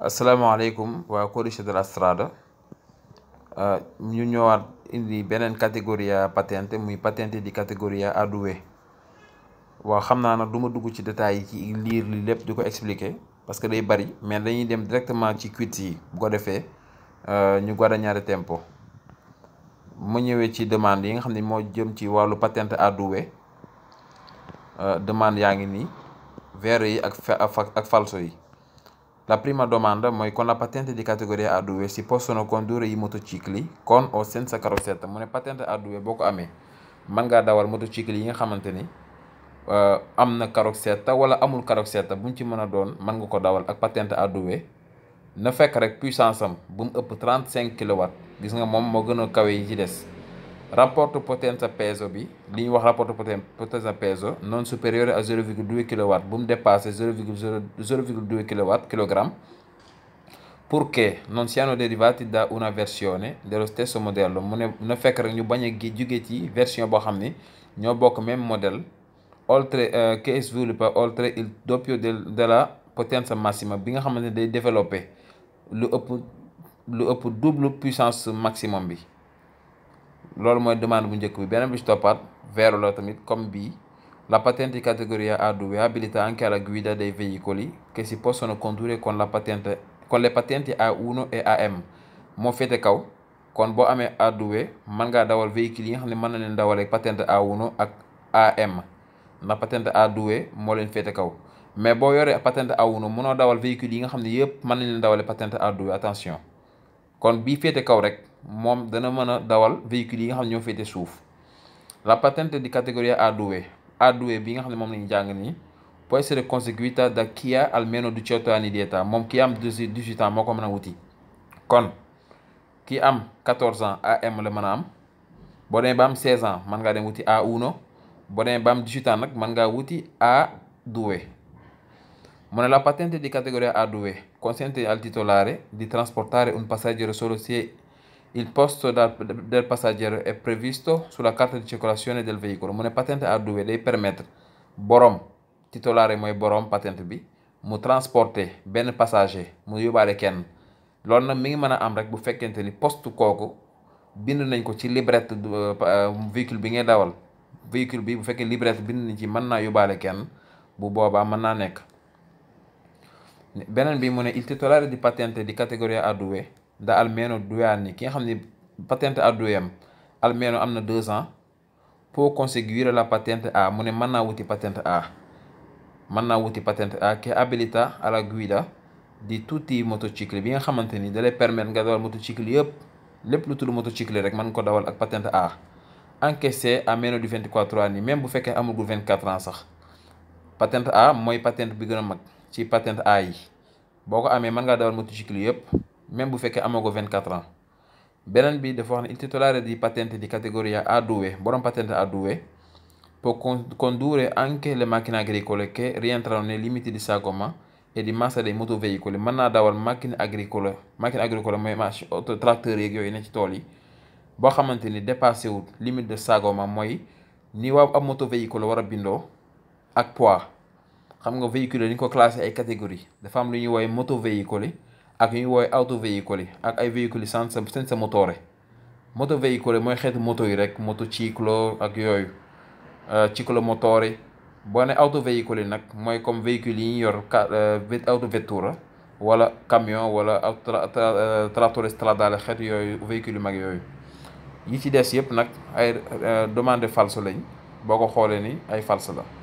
asalaamaaleykum waa Codice della Strada uh, ñu ñëwaat indi beneen catégorie patente muy patente di categoria A2 waaw xam naa nag du ma dugg ci détails yi ci liir li lépp du ko expliquer parce que day bari mais dañuy dem directement ci quiz yi bu ko defee uh, ñu guadagnare tempo mu ñëwee ci demande yi nga xam ne moo jëm ci wàllu patente A2 uh, demande yaa ngi nii vero yi ak ak falso yi La prima domanda mooy con la patente di categoria A2 si possono condurre i motocicli con o senza carrozzetta mu ne patente A2 boo ko amee mën ngaa dawal motocicli yi nga xamante ni euh, am na carrozzetta wala amul carrozzetta bu mu ci mën a doon mën nga ko dawal ak patente a na fekk rek puissance am bu mu ëpp cinq kilowatts gis nga moom moo gën a kawe yi ci des. rapporto potenza peso bi li ñuy wax rapporto potenza peso non supérieur à 0,2 kW bu mu dépassé 0,0 0,2 kW kilogramme Perché non siano derivati da una versione dello stesso modello mu ne na fekk rek ñu bañ a jóge ci version boo xam ni ñoo bokk même modèle oltre che euh, sviluppa oltre il doppio del della potenza massima bi nga xam ne day développé lu ëpp lu ëpp double puissance maximum bi loolu mooy demande bu njëkk bi beneen bi ci toppaat vert la tamit comme bii la patente categoria A2 abilita anche alla guida dei veicoli che si possono condurre con la patente con le patenti A1 et m moo féete kaw kon boo amee A2 mën dawal véhicule yi nga xam ne mën na leen dawal ak patente A1 ak AM ndax patente A2 moo leen féete kaw mais boo yoree patente A1 mënoo dawal véhicule yi nga xam ne yëpp mën na leen dawale patente A2 attention kon bii féete kaw rek moom dana mën a dawal véhicule yi nga xam ne ñoo féete suuf la patente di categoria A2 A2 bi nga xam ne moom la ñu nii può essere conseguita da chi ha almeno 18 anni di età moom ki am 18 ans moo ko mën a wuti kon ki am 14 ans AM la mën a am boo demee ba am 16 ans mën ngaa dem wuti A1 boo demee ba nag mën ngaa wuti A2 mu ne la patente di categoria A2 consente al titolare di trasportare un passeggero solo se Il posto del passeggero è previsto sulla carta di circolazione del veicolo mu ne patente à louer day permettre borom titulaire mooy boroom patente bi mu transporter benn passager mu yóbbaale kenn loolu nag mi ngi mën a am rek bu fekkente ni poste kooku bind nañ ko ci librette euh, véhicule bi ngay dawal véhicule bi bu fekkee librette bind nañ ci mën naa yóbbaale kenn bu boobaa mën naa nekk beneen bi mu ne il titolare di patente di categoria à da almeno duyani ki nga xam ne patente à doyam almeno am na deux ans pour conseguir la patente A mu ne mën naa wuti patente A mën naa wuti patente A che abilita alla guida di tutti motocicli bi nga xamante ni dalay permettre nga dawal motocycle yëpp lépp lu tudd motocycle rek man ko dawal ak patente A encaissé à meno di 24 anni même bu fekkee amagul 24 ans sax patente A mooy patente bi gën a mag ci patente A yi boo ko amee man ngaa dawal motocycle yëpp même bu fekkee amoo ko 24 ans beneen bi dafa wax ne il titolare di patente di categoria A2 e, borom patente A2 e, può condurre anche le macchine agricole che rientrano nei limiti di sagoma et di massa dei motoveicoli mën naa dawal machine agricole machine agricole mooy mach auto tracteur yeeg yooyu ne ci tool yi boo xamante ni dépassé wul limite de sagoma mooy ni waaw ab motovéhicule war a bindoo ak pois xam nga véhicule yi ñu ko classé ay catégories dafa am lu ñuy woowee motovéhicule ak yu ñu woowee auto véhicule yi ak ay véhicules yi sans seen sa motoore moto véhicule mooy xeetu moto yi rek moto cyclo ak yooyu euh, ci cyclo motoore boo ne auto véhicule yi nag mooy comme véhicule yi ñu yor ka euh, auto vettura wala camion wala trattore euh, stradale xeetu yooyu véhicule yu mag yooyu yi ci des yëpp nag ay demande false lañ boo ko xoolee ni ay false la